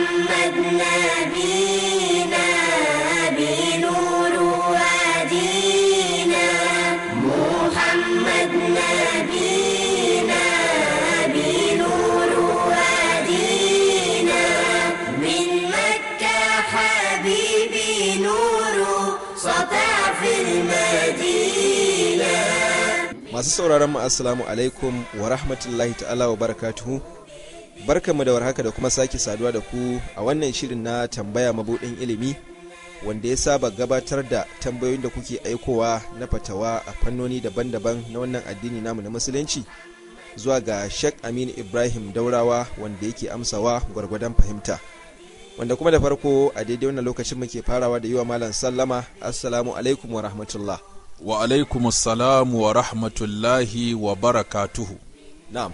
محمد نبينا بنور هدينا محمد نبينا بنور هدينا من مكة حبيبي نور سطع في المدينة masu sauraron mu assalamu alaikum wa rahmatullahi ta'ala wa barakatuhu barkanmu da warhaka da kuma sake saduwa da ku a wannan shirin na tambaya mabudin ilimi wanda ya saba gabatar da tambayoyin da kuke aikowa na fatawa a fannoni daban-daban na wannan addini namu na musulunci zuwa ga shek Aminu Ibrahim Daurawa wanda yake amsawa gwargwadon fahimta. Wanda kuma da farko a daidai wannan lokacin muke farawa da yi wa Malam Sallama Assalamu alaikum wa rahmatullah. Wa alaikum wa rahmatullahi wa barakatuhu. Na'am.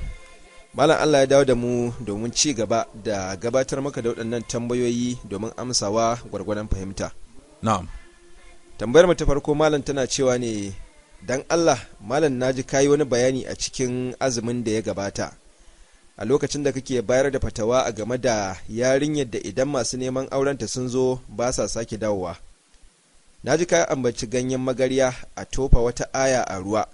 malam allah ya dawo da mu domin ci gaba da gabatar maka da waɗannan tambayoyi domin amsawa gwargwadon fahimta na'am tambayar ta farko malam tana cewa ne dan allah malam na ji kayi wani bayani a cikin azumin da ya gabata a lokacin da kake bayar da fatawa a game da yarinyar da idan masu neman aurenta sun zo ba sa sake dawowa na ji ka ambaci ganyen magarya a tofa wata aya a ruwa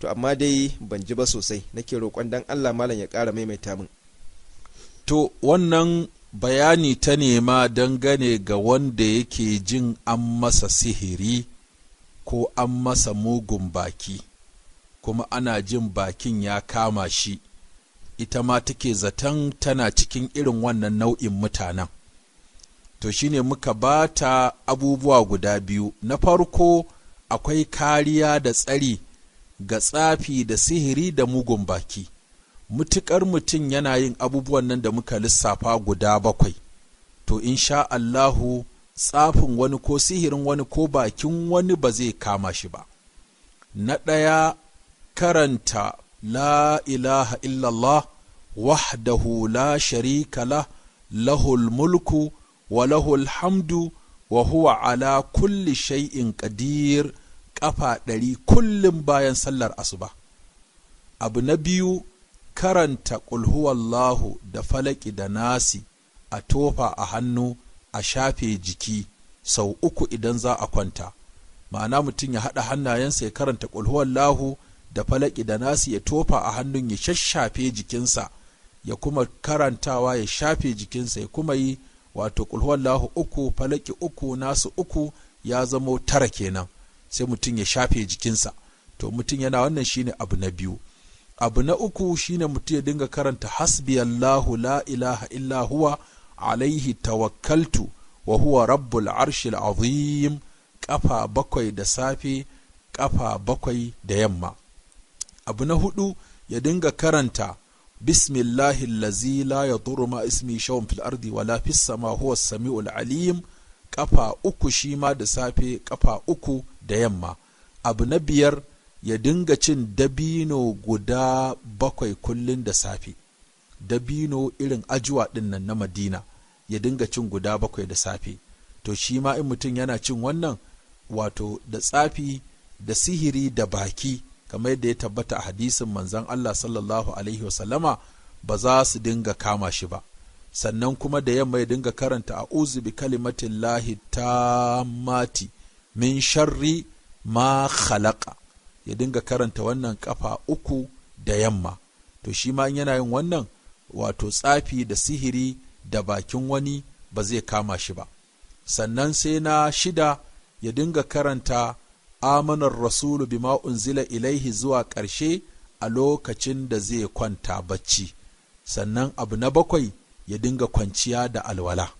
to amma dai ban ji ba sosai nake roƙon dan Allah malam ya ƙara maimaita min to wannan bayani ta nema dangane ga wanda yake jin an masa sihiri ko an masa mugun baki kuma ana jin bakin ya kama shi ita ma take zaton tana cikin irin wannan nau'in mutanen to shine muka ba ta abubuwa guda biyu na farko akwai kariya da tsari ga tsafi da sihiri da mugun baki mutuƙar mutum yana yin abubuwan nan da muka lissafa guda bakwai to in sha Allahu tsafin wani ko sihirin wani ko bakin wani ba zai kama shi ba na ɗaya karanta la ilaha illallah wahdahu la sharika lah lahul mulku wa lahul hamdu wa huwa ala kulli shay'in qadir ƙafa ɗari kullum bayan sallar asuba abu na biyu karanta ƙulhuwallahu da falaki da nasi a tofa a hannu a shafe jiki sau uku idan za a kwanta ma'ana mutum ya haɗa hannayensa ya karanta ƙulhuwallahu da falaki da nasi ya tofa a hannun ya shashafe jikinsa ya kuma karantawa ya shafe jikinsa ya kuma yi wato ƙulhuwallahu uku falaki uku nasu uku ya zamo tara kenan sai mutum ya shafe jikinsa to mutum yana wannan shine abu na biyu abu na uku shine mutum ya dinga karanta Allahu la ilaha illa huwa alaihi tawakkaltu wa huwa rabbul arshil azim kafa bakwai da safe kafa bakwai da yamma abu na hudu ya dinga karanta bismillahi allazi la ya ma ismi shawun fil ardi wala fis sama huwa samiul alim kafa uku shima da safe kafa uku da yamma abu na biyar ya dinga cin dabino guda bakwai kullum da safe dabino irin ajuwa ɗin nan na madina ya dinga cin guda bakwai da safe to shi ma in mutum yana cin wannan wato da tsafi da sihiri da baki kamar yadda ya tabbata a hadisin manzan Allah sallallahu alaihi wasallama ba za su dinga kama shi ba sannan kuma da yamma ya dinga karanta a uzubi bi kalimatin lahi ta mati min sharri ma khalaqa ya dinga karanta wannan kafa uku da yamma to shi ma yana yin wannan wato tsafi da sihiri da bakin wani ba zai kama shi ba sannan sai na shida ya dinga karanta amanar rasulu bima unzila ilaihi zuwa ƙarshe a lokacin da zai kwanta bacci sannan abu na bakwai ya dinga kwanciya da alwala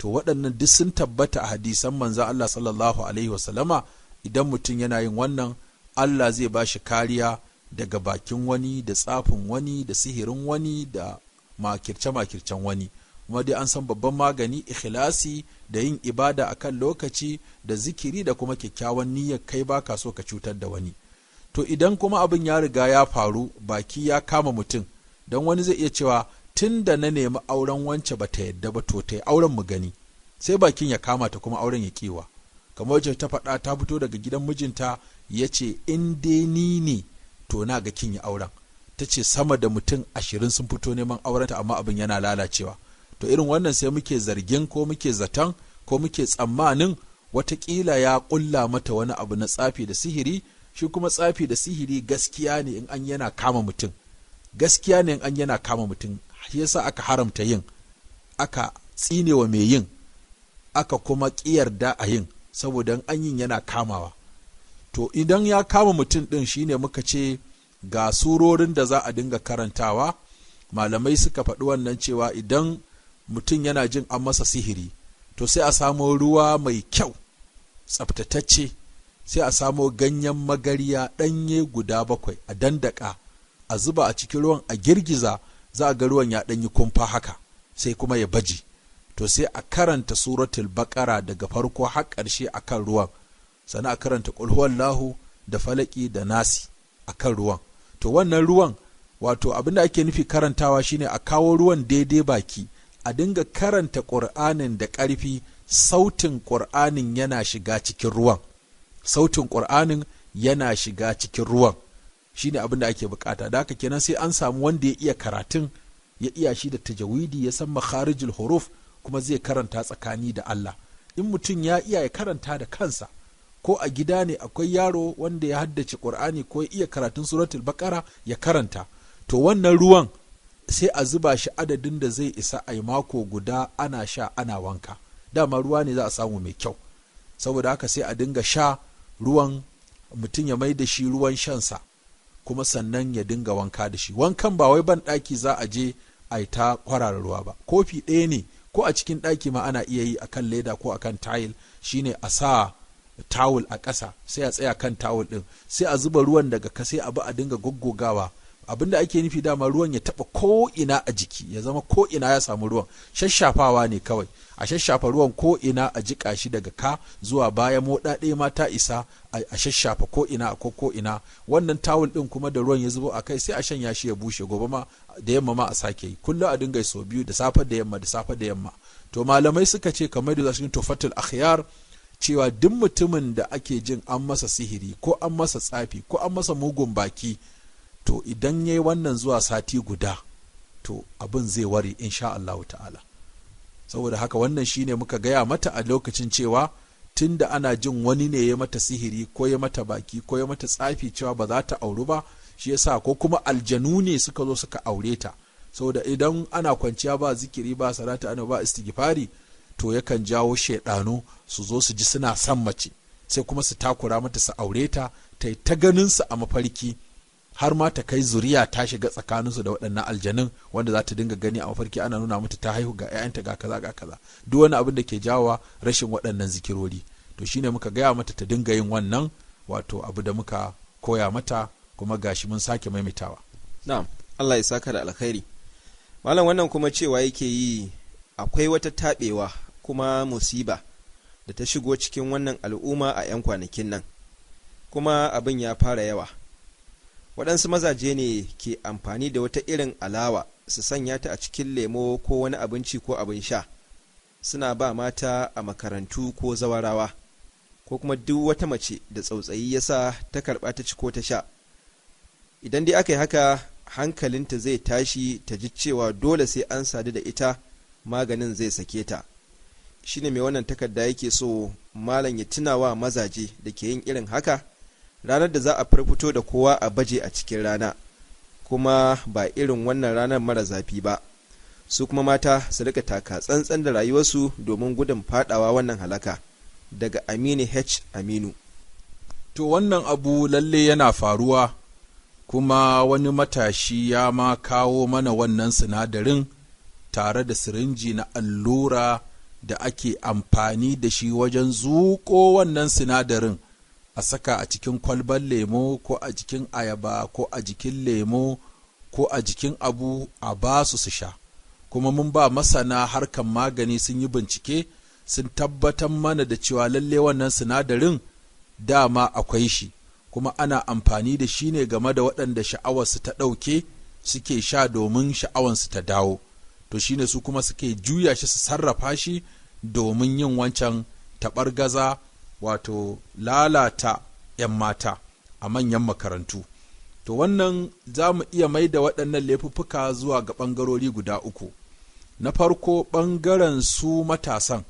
to waɗannan duk sun tabbata a hadisan manzan Allah sallallahu alaihi wasallama idan mutum yana yin wannan Allah zai ba shi kariya daga bakin wani da tsafin wani da sihirin wani da makirce-makircen wani kuma dai an san babban magani ikhlasi da yin ibada a kan lokaci da zikiri da kuma kyakkyawan niyyar kai ba ka so ka cutar da wani to idan kuma abin ya riga ya faru baki ya kama mutum don wani zai iya cewa tun da na nemi auren wance ba ta yadda ba to ta yi auren mu gani sai bakin ya kama ta kuma auren ya kiwa kamar wacce ta faɗa ta fito daga gidan mijinta ya ce in dai ni ne to na ga kin yi auren ta ce sama da mutum ashirin sun fito neman auren ta amma abin yana lalacewa to irin wannan sai muke zargin ko muke zaton ko muke tsammanin watakila ya ƙulla mata wani abu na tsafi da sihiri shi kuma tsafi da sihiri gaskiya ne in an yana kama mutum gaskiya ne in an yana kama mutum shi yasa aka haramta yin aka tsinewa mai yin aka kuma ƙiyarda a yin saboda an yin yana kamawa to idan ya kama mutum ɗin shine muka ce ga surorin da za a dinga karantawa malamai suka faɗi wannan cewa idan mutum yana jin an masa sihiri to sai a samo ruwa mai kyau tsaftatacce sai a samo ganyen magarya ɗanye guda bakwai a dandaka a zuba a cikin ruwan a girgiza za a ga ruwan ya ɗanyi kumfa haka sai kuma ya baji to sai a karanta suratul baƙara daga farko har ƙarshe a kan ruwan sannan a karanta lahu da falaki da nasi a kan ruwan to wannan ruwan wato abin da ake nufi karantawa shine a kawo ruwan daidai baki a dinga karanta ƙur'anin da ƙarfi sautin ƙur'anin yana shiga cikin ruwan sautin ƙur'anin yana shiga cikin ruwan Shi ne abin da ake bukata da haka kenan sai an samu wanda ya iya karatun ya iya shi da tajawidi ya san makharijul huruf kuma zai karanta tsakani da Allah in mutum ya iya ya karanta da kansa ko a gida ne akwai yaro wanda ya haddace Qur'ani ko ya iya karatun suratul Baqara ya karanta to wannan ruwan sai a zuba shi adadin da zai isa a mako guda ana sha ana wanka dama ruwa ne za a samu mai kyau saboda haka sai a dinga sha ruwan mutum ya mai da shi ruwan shansa kuma sannan ya dinga wanka da shi wankan ba wai ban ɗaki za a je a yi ta kwarara ruwa ba kofi ɗaya ne ko a cikin ɗaki ma ana iya yi akan leda ko akan tayil shine a sa tawul a ƙasa sai a tsaya kan tawul ɗin sai a zuba ruwan daga ka sai a bi a dinga goggogawa abinda ake nufi dama ruwan ya taba ko ina a jiki ya zama ko ina ya samu ruwan shashafawa ne kawai a shashafa ruwan ko ina a jika shi daga ka zuwa baya moɗa ɗaya mata isa a shashafa ko ina a ko ina wannan tawul ɗin kuma da ruwan ya zubo a kai sai a shanya shi ya bushe gobe ma da yamma ma a sake yi kullum a dinga sau biyu da safe da yamma da safe da yamma to malamai suka ce kamar da za su yi tofatul akhyar cewa duk mutumin da ake jin an masa sihiri ko an masa tsafi ko an masa mugun baki to idan ya yi wannan zuwa sati guda to abin zai ware insha Allahu ta'ala saboda haka wannan shine muka gaya mata a lokacin cewa tun da ana jin wani ne ya mata sihiri ko ya mata baki ko ya mata tsafi cewa ba za ta auru ba shi yasa ko kuma aljanu ne suka zo suka aure ta saboda idan ana kwanciya ba zikiri ba salata ana ba istighfari to yakan jawo shaidanu su zo su ji suna son mace sai kuma su takura mata su aure ta ta ta ganin su a mafarki har ma ta kai zuriya ta shiga tsakaninsu da waɗannan aljanun wanda za ta dinga gani a mafarki ana nuna mata ta haihu ga 'ya'yanta ga kaza ga kaza duk wani abin da ke jawowa rashin waɗannan zikirori to shine muka gaya mata ta dinga yin wannan wato abu da muka koya mata kuma gashi mun sake maimaitawa na'am Allah ya saka da alkhairi malam wannan kuma cewa yake yi akwai wata tabewa kuma musiba da ta shigo cikin wannan al'umma a 'yan kwanakin nan kuma abin ya fara yawa waɗansu mazaje ne ke amfani da wata irin alawa su sanya ta a cikin lemo ko wani abinci ko abin sha suna ba mata a makarantu ko zawarawa ko kuma duk wata mace da tsautsayi ya sa ta karɓa ta ci ko ta sha idan dai aka yi haka hankalinta zai tashi ta ji cewa dole sai an sadu da ita maganin zai sake ta shine mai wannan takarda yake so malam ya tunawa mazaje da ke yin irin haka ranar da za a firfito da kowa a baje a cikin rana kuma ba irin wannan ranar mara zafi ba su kuma mata su rika taka tsantsan da rayuwarsu domin gudun fadawa wannan halaka daga aminu h aminu to wannan abu lalle yana faruwa kuma wani matashi ya ma kawo mana wannan sinadarin tare da sirinji na allura da ake amfani da shi wajen zuƙo wannan sinadarin a saka a cikin kwalban lemo ko a jikin ayaba ko a jikin lemo ko a jikin abu a ba su su sha kuma mun ba masana harkan magani sun yi bincike sun tabbatar mana da cewa lalle wannan sinadarin dama akwai shi kuma ana amfani da shi ne game da waɗanda sha'awarsu ta ɗauke suke sha domin sha'awarsu ta dawo to shi ne su kuma suke juya shi su sarrafa shi domin yin wancan taɓargaza wato lalata 'yan mata a manyan makarantu to wannan za mu iya mai da waɗannan laifuffuka zuwa ga ɓangarori guda uku na farko ɓangaren su matasan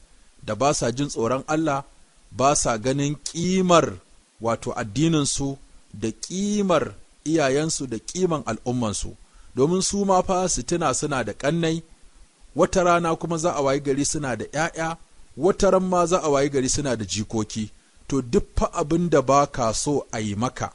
da ba sa jin tsoron Allah ba sa ganin ƙimar wato addininsu da ƙimar iyayensu da ƙiman al'ummansu domin su ma fa su tuna suna da ƙannai wata rana kuma za a wayi gari suna da ‘ya'ya wataran ran ma za a wayi gari suna da jikoki to duk fa abin da ba ka so a yi maka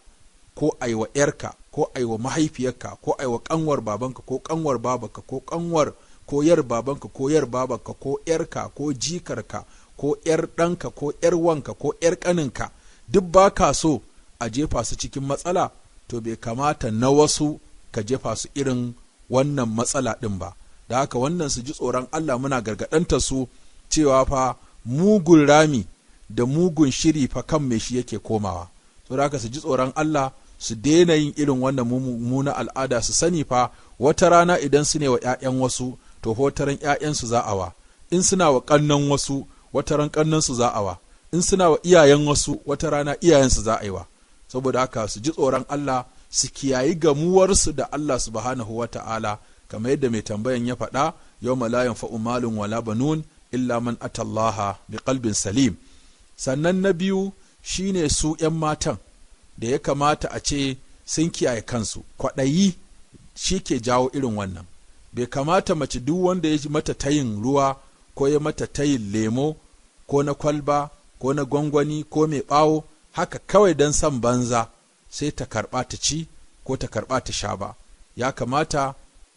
ko a yi wa 'yarka ko a yi wa mahaifiyarka ko a yi wa kanwar babanka ko kanwar babanka ko kanwar koyar babanka ko yar babanka ko 'yarka ko jikarka ko 'yar ɗanka ko 'yar wanka ko 'yar ƙaninka duk ba ka so a jefa su cikin matsala to bai kamata na wasu ka jefa su irin wannan matsala ɗin ba da haka wannan su ji tsoron Allah muna gargaɗanta su cewa fa mugun rami da mugun shiri fa kan me shi yake komawa saboda su ji tsoron Allah su daina yin irin wannan mummuna al'ada su sani fa wata rana idan su ne wa 'ya'yan wasu to hotaran 'ya'yansu za a wa in suna wa ƙannan wasu wata wataran ƙannansu za a wa in suna wa iyayen wasu wata rana iyayensu za a wa saboda haka su ji tsoron Allah su kiyayi gamuwarsu da Allah subhanahu wa ta'ala kamar yadda mai tambayan ya faɗa yau malayan fa'umalin wala banun illa man atallaha bi kalbin salim sannan na biyu shine su 'yan matan da ya kamata a ce sun kiyaye kansu kwaɗayi shi ke jawo irin wannan bai kamata mace duk wanda ya mata tayin ruwa ko ya mata tayin lemo ko na kwalba ko na gwangwani ko mai ɓawo haka kawai don son banza sai ta karɓa ta ci ko ta karɓa ta sha ba ya kamata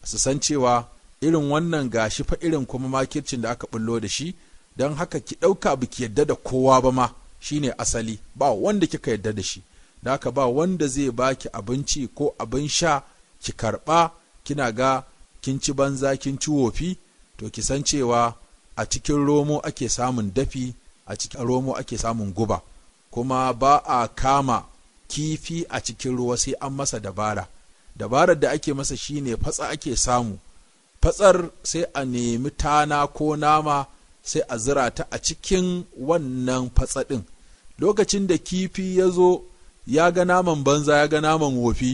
su san cewa irin wannan gashi fa irin kuma makircin da aka bullo da shi don haka ki ɗauka biki yadda da kowa ba ma shine asali ba wanda kika yadda da shi da haka ba wanda zai baki abinci ko abin sha ki karɓa kina ga kin ci banza kin ci wofi to ki san cewa a cikin romo ake samun dafi a cikin romo ake samun guba kuma ba a kama kifi a cikin ruwa sai an masa dabara dabarar da ake masa shine fatsa ake samu fatsar sai a nemi tana ko nama sai a zira ta a cikin wannan fatsadin lokacin da kifi ya zo ya ga naman banza ya ga naman wofi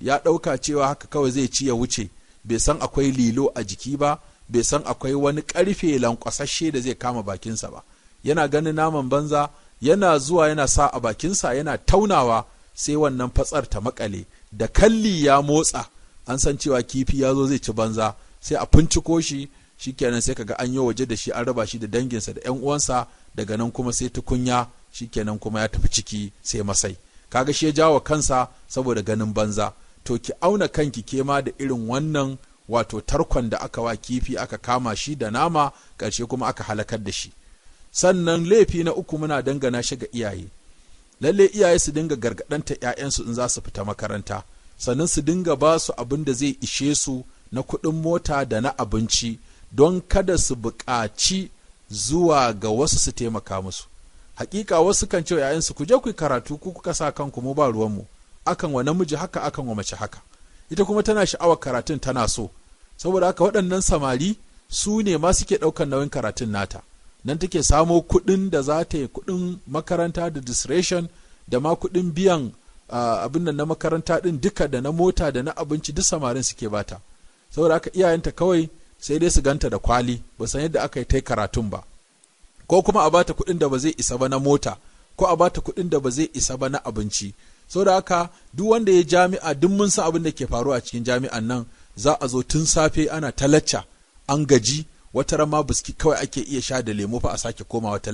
ya ɗauka cewa haka kawai zai ci ya wuce bai san akwai lilo a jiki ba bai san akwai wani ƙarfe lankwasashe da zai kama bakinsa ba yana ganin naman banza yana zuwa yana sa a bakinsa yana taunawa sai wannan fatsar ta makale da kalli ya motsa an san cewa kifi ya zo zai ci banza sai a finciko shi shi shikenan sai kaga an yi waje da shi an raba shi da danginsa da yan uwansa daga nan kuma sai tukunya shikenan kuma ya tafi ciki sai masai kaga shi ya jawo kansa saboda ganin banza to ki auna kanki ma da irin wannan wato tarkon da aka wa kifi aka kama shi da nama karshe kuma aka halakar da shi sannan laifi na uku muna dangana shi ga iyaye lalle iyaye su dinga gargadanta 'ya'yansu in za su fita makaranta sannan su dinga ba su abin da zai ishe su na kuɗin mota da na abinci don kada su buƙaci zuwa ga wasu su taimaka musu hakika wasu kan ce ‘ya'yansu ku je ku karatu ku kuka sa kanku mu ba ruwanmu akan wa namiji haka akan wa mace haka ita kuma tana sha'awar karatun tana so saboda haka waɗannan samari su ne ma suke ɗaukan nauyin karatun nata nan take samo kuɗin da za ta yi kuɗin makaranta da disration da ma kuɗin biyan ah, abin nan na makaranta ɗin duka da na mota da na abinci duk samarin suke bata saboda aka iyayenta kawai sai dai su ganta da kwali ba san yadda aka yi ta karatun ba ko kuma a bata kuɗin da ba zai isa ba na mota ko a bata kuɗin da ba zai isa ba na abinci saboda haka duk wanda ya jami'a duk mun san abin da ke faruwa cikin jami'an nan za a zo tun safe ana talacca an gaji wata rama biski kawai ake iya sha da lemo fa a sake komawa ta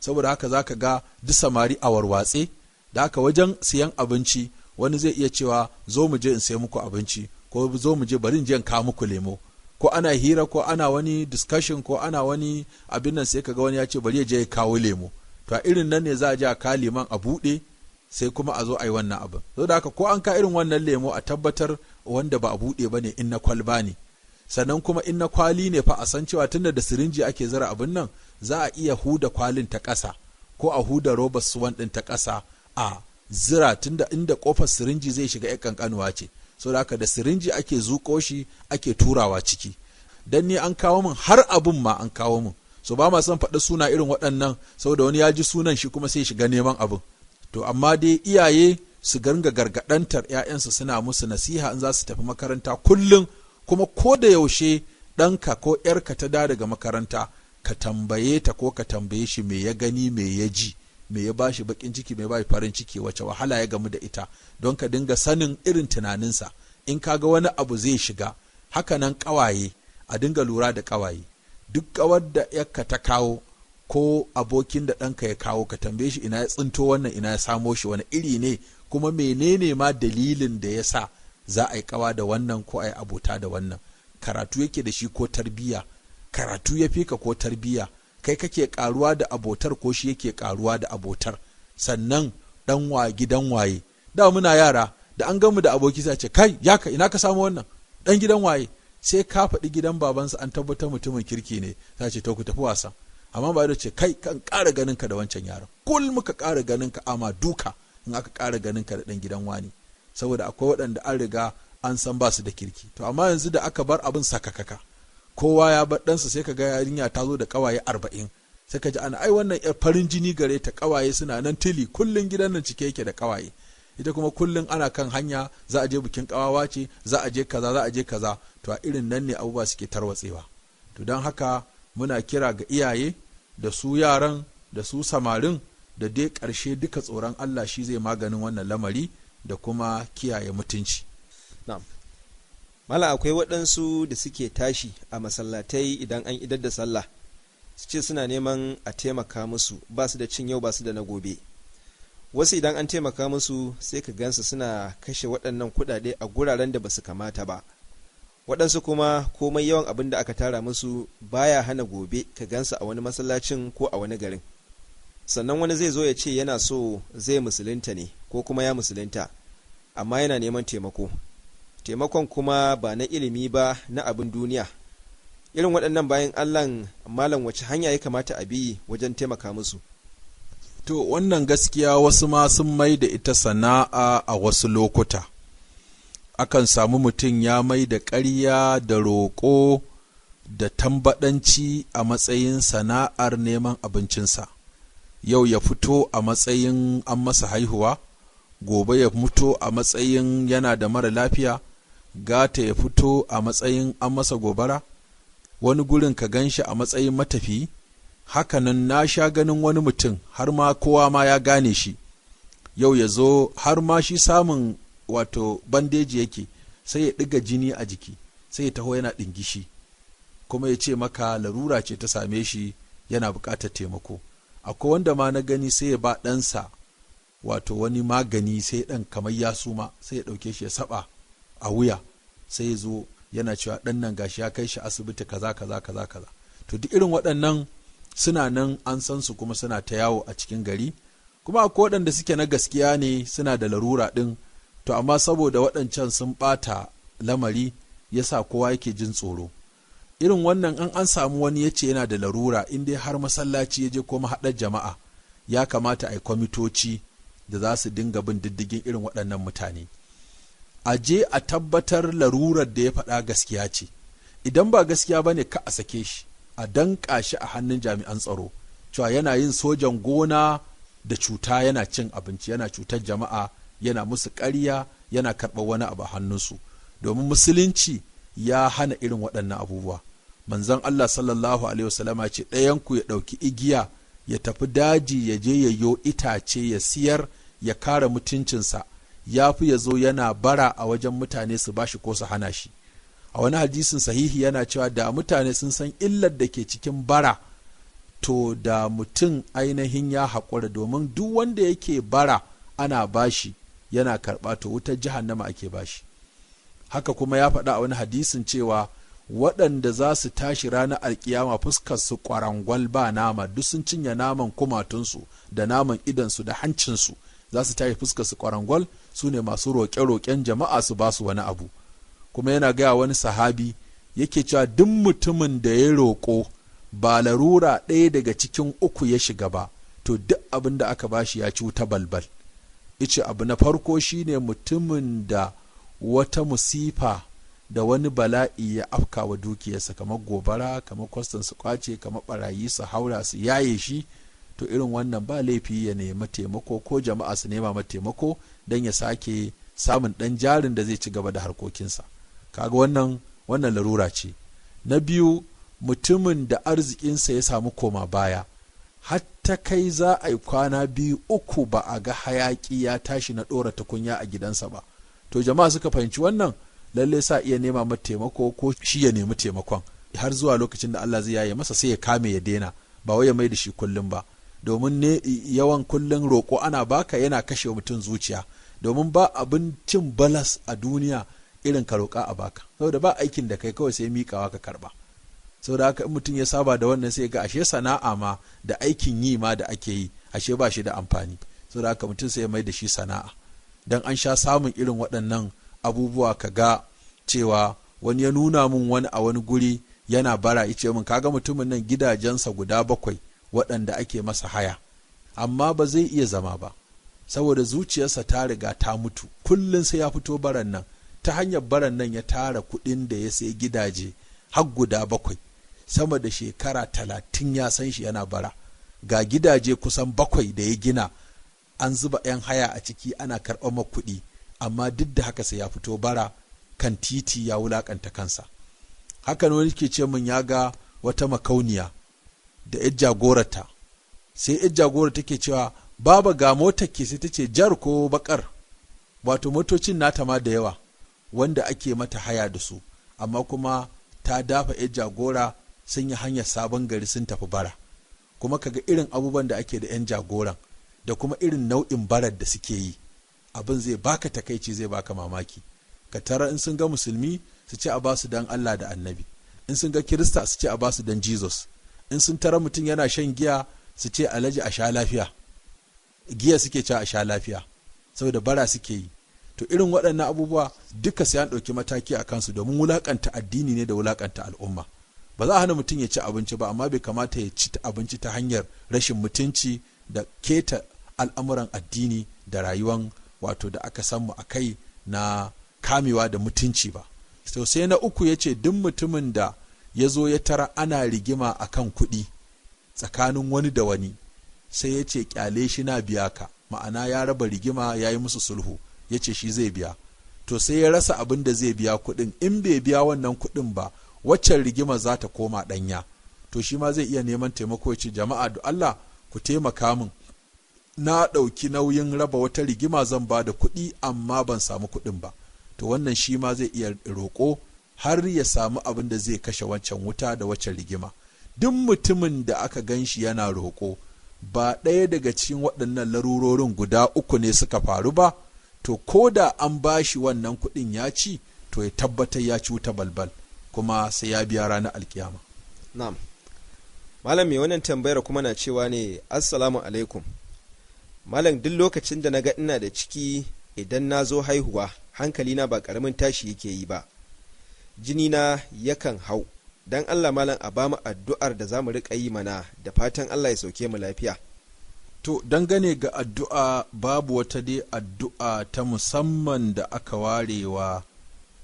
saboda haka za ka ga duk samari a warwatse da haka wajen siyan abinci wani zai iya cewa zo mu je in sai muku abinci ko zo mu je bari je muku lemo ko ana hira ko ana wani discussion ko ana wani abin nan sai ka ga wani ya ce bari ya je ya kawo lemo to a irin nan ne za a je a kawo leman a buɗe sai kuma a zo a yi wannan abin so da haka ko an ka irin wannan lemo a tabbatar wanda ba a buɗe ba ne in na kwalba ne sannan kuma in na kwali ne fa a san cewa tunda da sirinji ake zara abin nan za a iya huda kwalin ta ƙasa ko a huda robar suwan ɗin ta ƙasa a zira tunda inda ƙofar sirinji zai shiga ƴan ƙanƙanuwa ce saboda haka da sirinji ake zuƙo shi ake turawa ciki dan ni an kawo min har abun ma an kawo min so ba ma son faɗi suna irin waɗannan saboda wani ya ji sunan shi kuma sai shiga neman abin to amma dai iyaye su ganga gargaɗantar 'ya'yansu suna musu nasiha in za su tafi makaranta kullum kuma ko da yaushe ɗanka ko 'yarka ta da daga makaranta ka tambaye ta ko ka tambaye shi me ya gani me ya ji me ya ba shi bakin ciki me ba bashi farin ciki wace wahala ya gamu da ita don ka dinga sanin irin tunaninsa in ka ga wani abu zai shiga haka nan kawaye a dinga lura da kawaye duk kawar da yakka ta kawo ko abokin da ɗanka ya kawo ka tambaye shi ina ya tsinto wannan ina ya samo shi wani iri ne kuma menene ma dalilin da ya sa za a yi kawa da wannan ko a yi abota da wannan karatu yake da shi ko tarbiyya karatu ya fi ka ko tarbiyya kai kake karuwa da abotar ko shi yake karuwa da abotar sannan dan waye gidan waye da muna yara da an gamu da aboki sai ce kai ya ka ina ka samu wannan dan gidan waye sai ka faɗi gidan babansa an tabbatar mutumin kirki ne sai ce to ku tafi wasa amma ba da ce kai kan ƙara ganin ka da wancan yaron kul muka ƙara ganin ka amma duka in aka ƙara ganin ka da dan gidan wani saboda akwai waɗanda an riga an san ba su da kirki to amma yanzu da aka bar abin sakakaka kowa ya bar ɗansa sai ka ga yarinya ta zo da ƙawaye arba'in sai ka ji ana ai wannan yar farin jini gare ta ƙawaye suna nan tili kullum gidan nan cike yake da ƙawaye ita kuma kullum ana kan hanya za a je bikin ƙawawa ce za a je kaza za a je kaza to a irin nan ne abubuwa suke tarwatsewa to don haka muna kira ga iyaye da su yaran da su samarin da dai ƙarshe duka tsoron Allah shi zai maganin wannan lamari da kuma kiyaye mutunci. mala akwai waɗansu da suke tashi a masallatai idan an idar da sallah su ce suna neman a taimaka musu ba su da cin yau ba su da na gobe wasu idan an taimaka musu sai ka gansu suna kashe waɗannan kuɗaɗe a guraren da ba su kamata ba waɗansu kuma komai yawan abin da aka tara musu baya hana gobe ka gansu a wani masallacin ko a wani garin sannan wani zai zo ya ce yana so zai musulunta ne ko kuma ya musulunta amma yana neman taimako taimakon kuma ba na ilimi ba na abin duniya irin waɗannan bayan allan malam wace hanya ya kamata a bi wajen taimaka musu to wannan gaskiya wasu ma sun mai da ita sana'a a wasu lokuta akan samu mutum ya mai da ƙarya da roƙo da tambaɗanci a matsayin sana'ar neman abincinsa yau ya fito a matsayin an masa haihuwa gobe ya mutu a matsayin yana da mara lafiya gata ya fito a matsayin an masa gobara wani gurin ka gan shi a matsayin matafi hakanan na sha ganin wani mutum har ma kowa ma ya gane shi yau ya zo har ma shi samun wato bandeji yake sai ya ɗiga jini a jiki sai ya taho yana ɗingishi kuma ya ce maka larura ce ta same shi yana buƙatar taimako akwai wanda ma na gani sai ya ba ɗansa wato wani magani sai ɗan kamar ya suma sai ya ɗauke shi ya saɓa. a wuya sai ya zo yana cewa ɗan nan gashi ya kai shi asibiti kaza kaza kaza kaza to duk irin waɗannan suna nan an san su kuma suna ta yawo a cikin gari kuma akwai waɗanda suke na gaskiya ne suna da larura ɗin to amma saboda waɗancan sun ɓata lamari yasa kowa yake jin tsoro irin wannan an an samu wani ya ce yana da larura in dai har masallaci ya je ko mahaɗar jama'a ya kamata a yi kwamitoci da za su dinga bin diddigin irin waɗannan mutane a je a tabbatar larurar da ya faɗa gaskiya ce idan ba gaskiya ba ne ka a sake shi a danƙa shi a hannun jami'an tsaro cewa yana yin sojan gona da cuta yana cin abinci yana cutar jama'a yana musu ƙarya yana karɓar wani abu a hannunsu domin musulunci ya hana irin waɗannan abubuwa manzon Allah sallallahu alaihi wasallama ce ɗayanku ya ɗauki igiya ya tafi daji ya je ya yo itace ya siyar ya kare mutuncinsa ya fi ya zo yana bara a wajen mutane su bashi ko su hana shi a wani hadisin sahihi yana cewa da mutane sun san illar da ke cikin bara to da mutum ainihin ya haƙura domin duk wanda yake bara ana bashi yana karɓa to wutar jahannama ake bashi haka kuma ya faɗa a wani hadisin cewa waɗanda za su tashi ranar alkiyama fuskar su ƙwarangwal ba nama duk sun cinye naman kumatunsu da naman idansu da hancinsu za su tashi fuskar su kwarangwal su ne masu roƙe-roƙen jama'a su ba su wani abu kuma yana gaya wani sahabi yake cewa duk mutumin da ya roƙo ba larura ɗaya daga cikin uku ya shiga ba to duk abin da aka bashi ya ci wuta balbal ice abu na farko shine mutumin da wata musifa da wani bala'i ya afkawa dukiyarsa kamar gobara kamar kwastan su kwace kamar barayi su haura su yaye shi to irin wannan ba laifi ya nemi taimako ko jama'a su nema ma taimako don ya sake samun ɗan jarin da zai ci gaba da harkokinsa kaga wannan wannan larura ce na biyu mutumin da arzikinsa ya samu koma baya hatta kai za a yi kwana biyu uku ba a ga hayaƙi ya tashi na ɗora tukunya a gidansa ba to jama'a suka fahimci wannan lalle sa iya nema mata taimako ko shi ya nemi taimakon har zuwa lokacin da Allah zai yaye masa sai ya kame ya daina ba wai ya mai da shi kullum ba domin ne yawan kullum roƙo ana baka yana kashe mutum zuciya domin ba abin cin balas a duniya irin ka roƙa a baka saboda ba aikin da kai kawai sai miƙawa ka karɓa saboda haka in mutum ya saba da wannan sai ga ashe sana'a ma da aikin yi ma da ake yi ashe ba shi da amfani saboda haka mutum sai ya mai da shi sana'a dan an sha samun irin waɗannan abubuwa ka ga cewa wani ya nuna min wani a wani guri yana bara ice min kaga mutumin nan gidajensa guda bakwai waɗanda ake masa haya amma ba zai iya zama ba saboda zuciyarsa ta riga ta mutu kullum sai ya fito baran nan ta hanyar baran nan ya tara kuɗin da ya sai gidaje har guda bakwai sama da shekara talatin ya san shi yana bara ga gidaje kusan bakwai da ya gina an zuba 'yan haya a ciki ana karɓar ma kuɗi amma duk da haka sai ya fito bara kan titi ya wulaƙanta kansa hakan wani ke ce min ya ga wata makauniya da yar jagorata sai yar jagora take cewa baba ga mota ke sai ta ce jar ko bakar wato motocin nata ma da yawa wanda ake mata haya da su amma kuma ta dafa yar jagora sun yi hanyar sabon gari sun tafi bara kuma kaga irin abubuwan da ake da 'yan jagoran da kuma irin nau'in barar da suke yi abin zai baka takaici zai baka mamaki ka tara in sun ga musulmi su ce a basu don Allah da annabi in sun ga kirista su ce a basu don jesus in sun tara mutum yana shan giya su ce alaji a sha lafiya giya suke cewa a sha lafiya saboda bara suke yi to irin waɗannan abubuwa duka sai an ɗauki mataki a kansu domin wulaƙanta addini ne da wulaƙanta al'umma ba za a hana mutum ya ci abinci ba amma bai kamata ya ci abinci ta hanyar rashin mutunci da keta al'amuran addini da rayuwan wato da aka samu a kai na kamewa da mutunci ba Sosai sai na uku ya ce duk mutumin da ya zo ya tara ana rigima a kan kuɗi tsakanin wani da wani sai ya ce ƙyale shi na biya ka ma'ana ya raba rigima ya yi musu sulhu ya ce shi zai biya to sai ya rasa abin da zai biya kuɗin in bai biya wannan kuɗin ba waccan rigima za ta koma ɗanya to shi ma zai iya neman taimako ya ce jama'a da Allah ku taimaka min na ɗauki nauyin raba wata rigima zan ba da kuɗi amma ban samu kuɗin ba to wannan shi ma zai iya roƙo har ya samu abin da zai kashe wancan wuta da waccan rigima duk mutumin da aka gan shi yana roƙo ba ɗaya daga cikin waɗannan larurorin guda uku ne suka faru ba to ko da an ba shi wannan kuɗin ya ci to ya tabbatar ya ci wuta balbal kuma sai ya biya ranar alkiyama na'am malam mai wannan tambayar kuma na cewa ne assalamu alaikum malam duk lokacin da na ga ina da ciki idan na zo haihuwa hankali na ba ƙaramin tashi yake yi ba jini na yakan hau don Allah malam a ba mu addu'ar da za mu riƙa yi mana da fatan Allah ya sauke mu lafiya to dangane ga addu'a babu wata dai addu'a ta musamman da aka warewa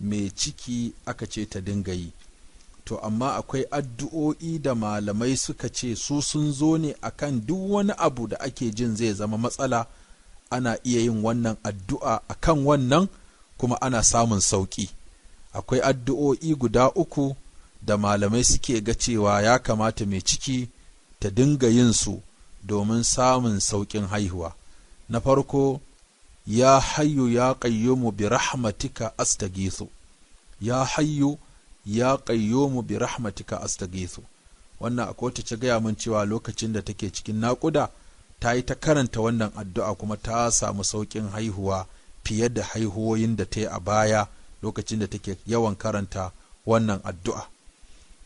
mai ciki aka ce ta dinga yi to amma akwai addu'o'i da malamai suka ce su sun zo ne akan duk wani abu da ake jin zai zama matsala ana iya yin wannan addu'a akan wannan kuma ana samun sauƙi akwai addu'o'i guda uku da malamai suke ga cewa ya kamata mai ciki ta dinga yin su domin samun sauƙin haihuwa. Na farko, ya hayu ya mu bi rahmatika astagisu, ya hayu ya bi rahmatika astagisu, wannan akwai ta gaya mun cewa lokacin da take cikin naƙuda ta yi ta karanta wannan addu'a kuma ta samu sauƙin haihuwa fiye da haihuwoyin da ta yi a baya lokacin da take yawan karanta wannan addu'a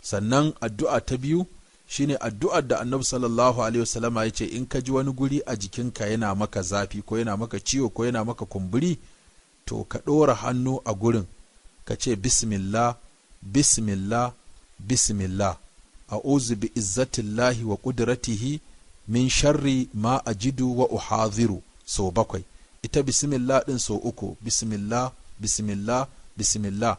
sannan addu'a ta biyu shine addu'ar da annabi sallallahu alaihi wasallama ya ce in ka ji wani guri a jikinka yana maka zafi ko yana maka ciwo ko yana maka kumburi to ka ɗora hannu a gurin ka ce bismillah bismillah bismillah uzubi, bi izzatillahi wa ƙudiratihi min sharri ma ajidu wa uhadhiru sau bakwai ita bismillah ɗin sau uku bismillah bismillah bismillah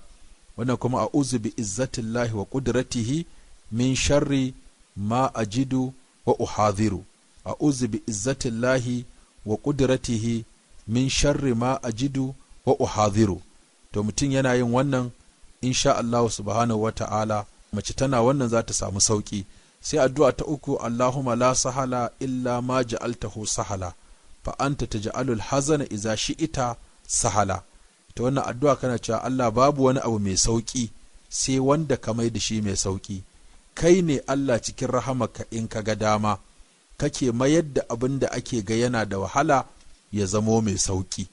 wannan kuma a uzu bi izzatillahi wa qudratihi min sharri ma ajidu wa a uzu bi izzatillahi wa min sharri ma ajidu wa to mutum yana yin wannan insha Allah subhanahu wa ta'ala mace tana wannan za ta samu sauki sai addu'a ta uku Allahumma la sahala illa ma ja'altahu sahala fa anta taj'alul hazana shi shi'ita sahala ta wannan addu'a kana cewa Allah babu wani abu mai sauƙi sai wanda ka mai da shi mai sauƙi kai ne Allah cikin rahama ka in ka ga dama kake mayar da abin da ake ga yana da wahala ya zamo mai sauƙi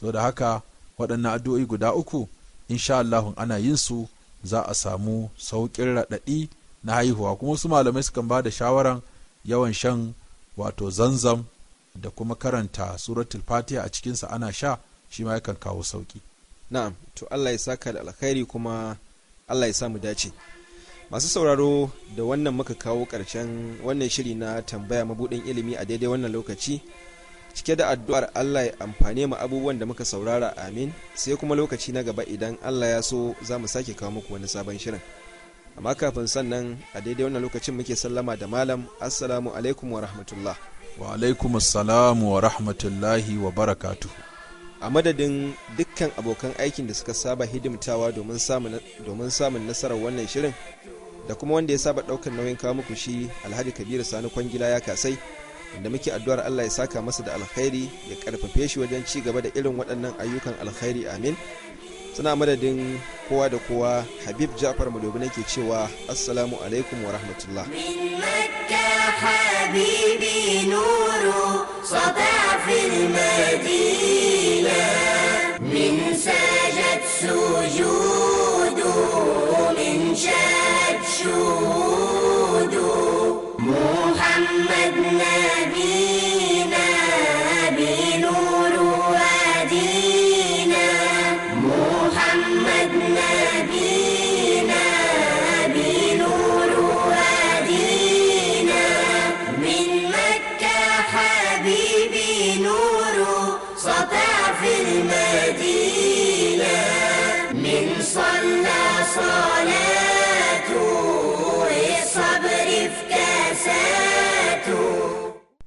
so da haka waɗannan addu'o'i guda uku insha Allah ana yin su za a samu sauƙin raɗaɗi na haihuwa kuma su malamai sukan ba da shawaran yawan shan wato zanzam da kuma karanta suratul fatiha a cikinsa ana sha shi ma yakan kawo sauki na'am to Allah ya saka da alkhairi kuma Allah ya mu dace masu sauraro da wannan muka kawo ƙarshen wannan shiri na tambaya mabuɗin ilimi a daidai wannan lokaci cike da addu'ar Allah ya amfane mu abubuwan da muka saurara amin sai kuma lokaci na gaba idan Allah ya so za mu sake kawo muku wani sabon shirin amma kafin sannan a daidai wannan lokacin muke sallama da malam assalamu alaikum wa rahmatullah wa alaikum assalamu wa rahmatullahi wa barakatuhu. a madadin dukkan abokan aikin da suka saba hidimtawa domin samun nasarar wannan shirin da kuma wanda ya saba daukar nauyin kawo muku shi alhaji kabiru sani kwangila ya kasai da muke addu'ar allah ya saka masa da alkhairi ya karfafe shi wajen ci gaba da irin waɗannan ayyukan alkhairi amin suna madadin kowa da kowa habib ja'far madobi nake cewa assalamu alaikum wa rahmatullah حبيبي نور محمد نبي